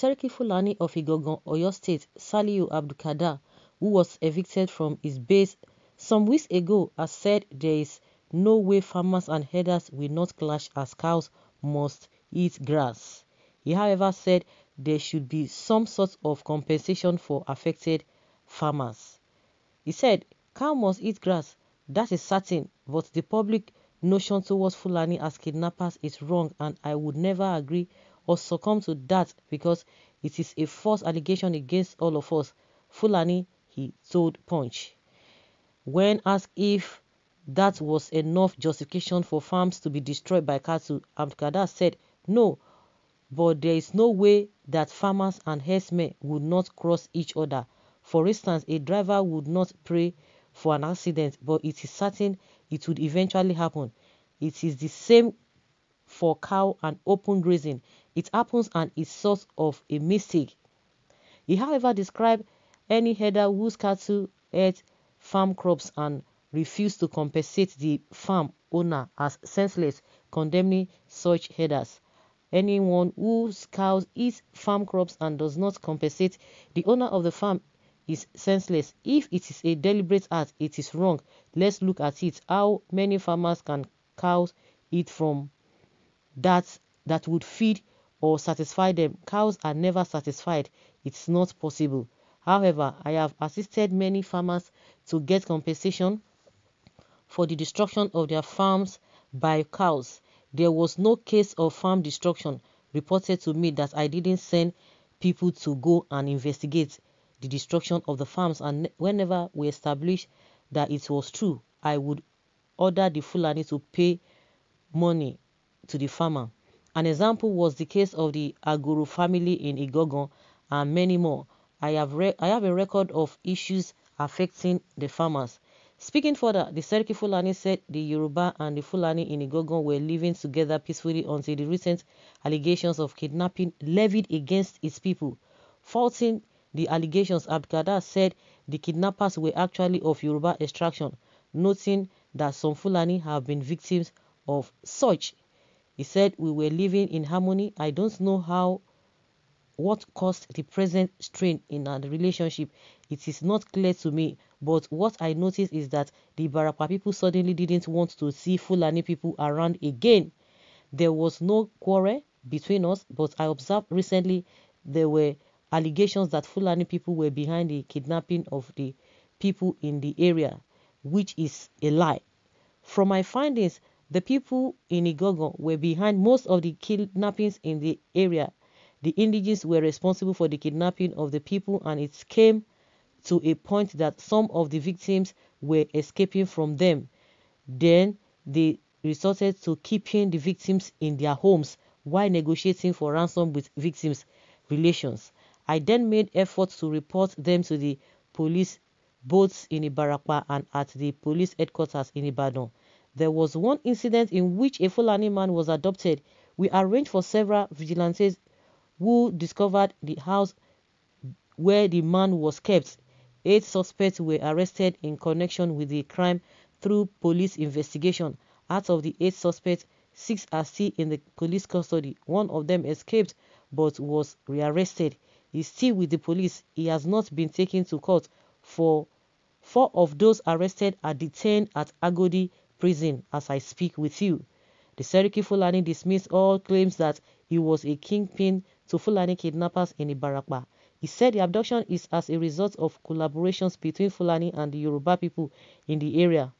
Seriki Fulani of Igogon Oyo State, Saliu Abdukada, who was evicted from his base some weeks ago, has said there is no way farmers and herders will not clash as cows must eat grass. He, however, said there should be some sort of compensation for affected farmers. He said, Cow must eat grass, that is certain, but the public notion towards Fulani as kidnappers is wrong and I would never agree or succumb to that because it is a false allegation against all of us. Fulani, he told Punch. When asked if that was enough justification for farms to be destroyed by cattle, Abdulkader said, no, but there is no way that farmers and herdsmen would not cross each other. For instance, a driver would not pray for an accident, but it is certain it would eventually happen. It is the same for cow and open grazing it happens and is source of a mistake. He, however, described any header whose cattle ate farm crops and refused to compensate the farm owner as senseless, condemning such headers. Anyone whose cows eats farm crops and does not compensate the owner of the farm is senseless. If it is a deliberate act, it is wrong. Let's look at it. How many farmers can cows eat from that that would feed or satisfy them. Cows are never satisfied. It's not possible. However, I have assisted many farmers to get compensation for the destruction of their farms by cows. There was no case of farm destruction reported to me that I didn't send people to go and investigate the destruction of the farms. And whenever we established that it was true, I would order the Fulani to pay money to the farmer. An example was the case of the Aguru family in Igogon and many more. I have, I have a record of issues affecting the farmers. Speaking further, the Seriki Fulani said the Yoruba and the Fulani in Igogon were living together peacefully until the recent allegations of kidnapping levied against its people. Faulting the allegations, Abkada said the kidnappers were actually of Yoruba extraction, noting that some Fulani have been victims of such he said we were living in harmony. I don't know how what caused the present strain in our relationship. It is not clear to me, but what I noticed is that the Barapa people suddenly didn't want to see Fulani people around again. There was no quarrel between us, but I observed recently there were allegations that Fulani people were behind the kidnapping of the people in the area, which is a lie. From my findings, the people in Igogo were behind most of the kidnappings in the area. The indigenes were responsible for the kidnapping of the people and it came to a point that some of the victims were escaping from them. Then they resorted to keeping the victims in their homes while negotiating for ransom with victims' relations. I then made efforts to report them to the police both in Ibarapa and at the police headquarters in Ibadan. There was one incident in which a Fulani man was adopted. We arranged for several vigilantes who discovered the house where the man was kept. Eight suspects were arrested in connection with the crime through police investigation. Out of the eight suspects, six are still in the police custody. One of them escaped but was rearrested. He's still with the police. He has not been taken to court for four of those arrested are detained at Agodi prison as I speak with you. The Seriki Fulani dismissed all claims that he was a kingpin to Fulani kidnappers in Ibarapa. He said the abduction is as a result of collaborations between Fulani and the Yoruba people in the area.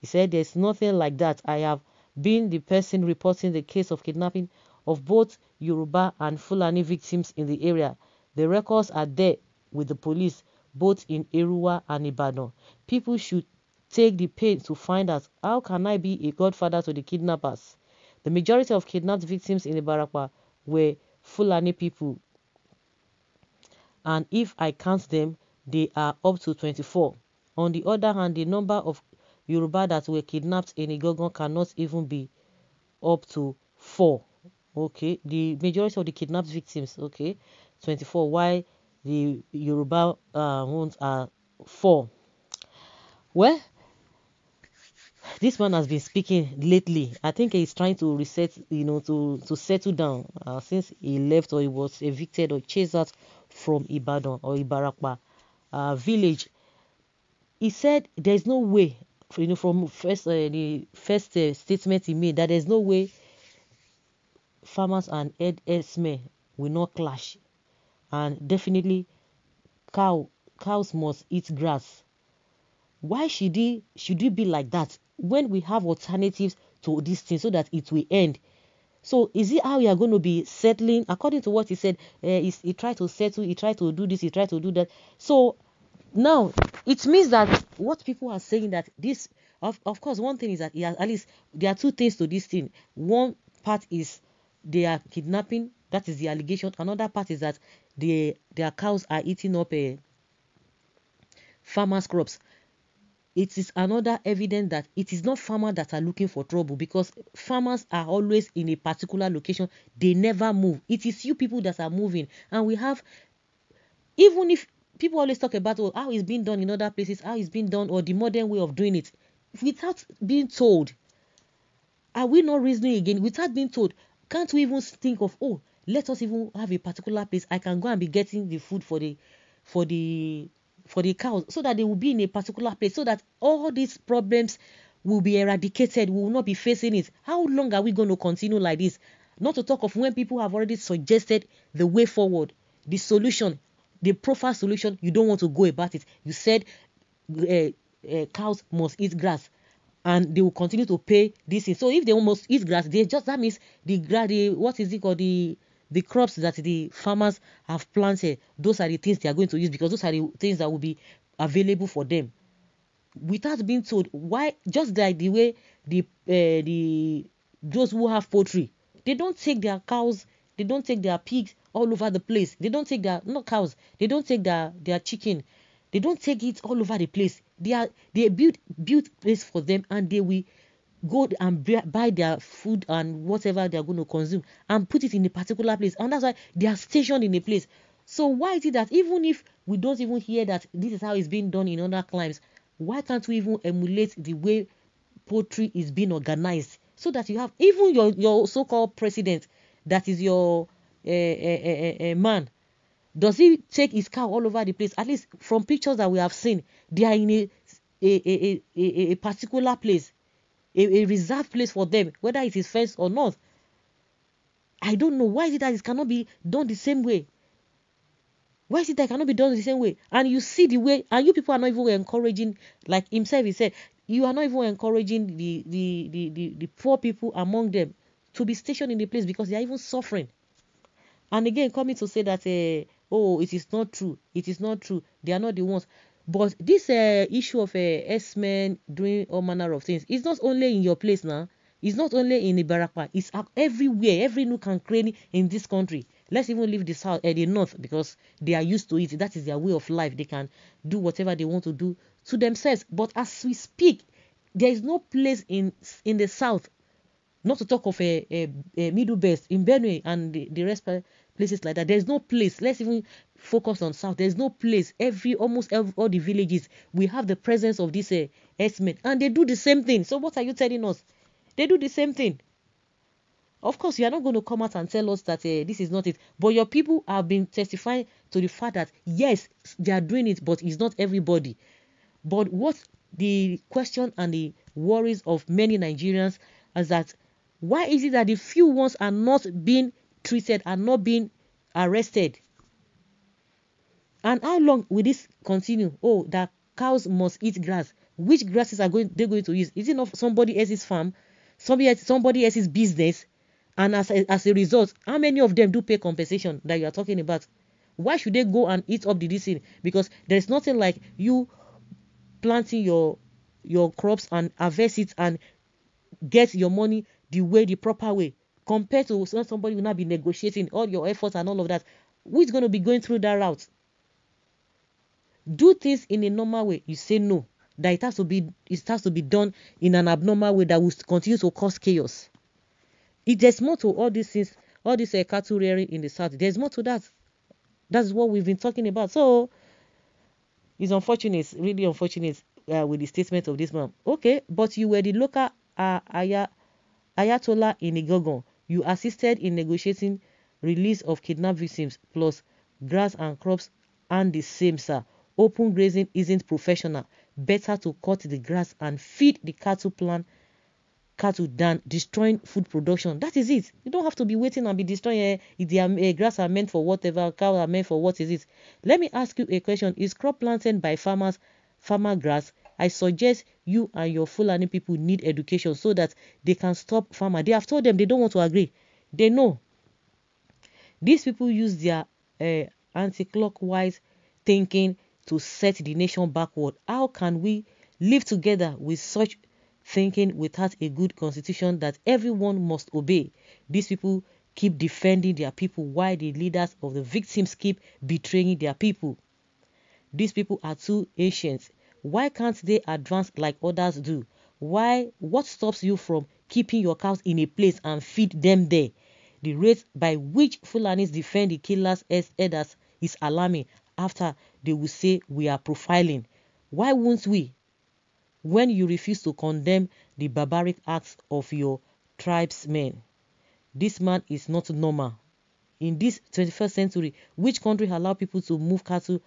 He said there's nothing like that. I have been the person reporting the case of kidnapping of both Yoruba and Fulani victims in the area. The records are there with the police, both in Erua and Ibadan. People should take the pain to find out how can I be a godfather to the kidnappers? The majority of kidnapped victims in Ibarapa were Fulani people. And if I count them, they are up to 24. On the other hand, the number of Yoruba that were kidnapped in Igogon cannot even be up to 4. Okay, the majority of the kidnapped victims, okay, 24, Why the Yoruba uh, ones are 4. Well, this man has been speaking lately. I think he's trying to reset, you know, to to settle down uh, since he left or he was evicted or chased out from Ibadan or Ibarakwa uh, village. He said there is no way, you know, from first uh, the first uh, statement he made that there is no way farmers and herdsmen will not clash, and definitely cow cows must eat grass why should he should he be like that when we have alternatives to this thing so that it will end. So is it how you are going to be settling according to what he said? Uh, eh, he, he tried to settle, he tried to do this, he tried to do that. So now it means that what people are saying that this, of, of course, one thing is that has, at least there are two things to this thing. One part is they are kidnapping, that is the allegation. Another part is that the their cows are eating up uh, farmers' crops it is another evidence that it is not farmers that are looking for trouble because farmers are always in a particular location they never move it is you people that are moving and we have even if people always talk about oh, how it's being done in other places how it's being done or the modern way of doing it without being told are we not reasoning again without being told can't we even think of oh let us even have a particular place i can go and be getting the food for the for the for the cows so that they will be in a particular place so that all these problems will be eradicated we will not be facing it how long are we going to continue like this not to talk of when people have already suggested the way forward the solution the proper solution you don't want to go about it you said uh, uh, cows must eat grass and they will continue to pay this so if they must eat grass they just that means the grass the what is it called the the crops that the farmers have planted, those are the things they are going to use because those are the things that will be available for them. Without being told why, just like the way the uh, the those who have poultry, they don't take their cows, they don't take their pigs all over the place. They don't take their not cows, they don't take their their chicken, they don't take it all over the place. They are they build build place for them and they will go and buy their food and whatever they are going to consume and put it in a particular place. And that's why they are stationed in a place. So why is it that even if we don't even hear that this is how it's being done in other climes, why can't we even emulate the way poultry is being organized so that you have even your your so-called president that is your uh, uh, uh, man does he take his cow all over the place at least from pictures that we have seen they are in a a, a, a, a particular place a, a reserved place for them, whether it fenced or not. I don't know. Why is it that it cannot be done the same way? Why is it that it cannot be done the same way? And you see the way, and you people are not even encouraging, like himself he said, you are not even encouraging the, the, the, the, the poor people among them to be stationed in the place because they are even suffering. And again, coming to say that, uh, oh, it is not true. It is not true. They are not the ones. But this uh, issue of uh, S-men doing all manner of things is not only in your place now. It's not only in Ibarapa. It's everywhere, every nook and cranny in this country. Let's even leave the south, uh, the north, because they are used to it. That is their way of life. They can do whatever they want to do to themselves. But as we speak, there is no place in in the south, not to talk of a, a, a middle belt in Benue and the, the rest places like that. There is no place. Let's even focused on south. There's no place. Every almost every, all the villages we have the presence of these uh, S-men, and they do the same thing. So what are you telling us? They do the same thing. Of course, you are not going to come out and tell us that uh, this is not it. But your people have been testifying to the fact that yes, they are doing it, but it's not everybody. But what the question and the worries of many Nigerians is that why is it that the few ones are not being treated, are not being arrested? And how long will this continue? Oh, that cows must eat grass. Which grasses are going they going to use? Is it not somebody else's farm, somebody else, somebody else's business? And as a, as a result, how many of them do pay compensation that you are talking about? Why should they go and eat up the this thing? Because there is nothing like you planting your your crops and harvest it and get your money the way the proper way compared to somebody will not be negotiating all your efforts and all of that. Who is going to be going through that route? do things in a normal way you say no that it has to be it has to be done in an abnormal way that will continue to cause chaos it there's more to all these things all this uh, cattle rearing in the south there's more to that that's what we've been talking about so it's unfortunate really unfortunate uh, with the statement of this man okay but you were the local uh, ayatollah in igogon you assisted in negotiating release of kidnapped victims plus grass and crops and the same sir Open grazing isn't professional. Better to cut the grass and feed the cattle Plan cattle than destroying food production. That is it. You don't have to be waiting and be destroying uh, the uh, grass are meant for whatever, cows are meant for what is it. Let me ask you a question. Is crop planting by farmers farmer grass? I suggest you and your Fulani people need education so that they can stop farmer. They have told them they don't want to agree. They know. These people use their uh, anti-clockwise thinking to set the nation backward. How can we live together with such thinking without a good constitution that everyone must obey? These people keep defending their people while the leaders of the victims keep betraying their people. These people are too ancient. Why can't they advance like others do? Why? What stops you from keeping your cows in a place and feed them there? The rate by which Fulanis defend the killers as elders is alarming after they will say we are profiling. Why won't we? When you refuse to condemn the barbaric acts of your tribesmen, this man is not normal. In this 21st century, which country allow people to move cattle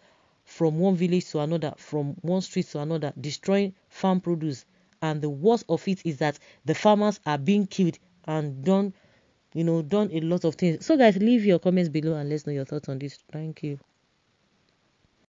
from one village to another, from one street to another, destroying farm produce? And the worst of it is that the farmers are being killed and done, you know, done a lot of things. So guys, leave your comments below and let us know your thoughts on this. Thank you.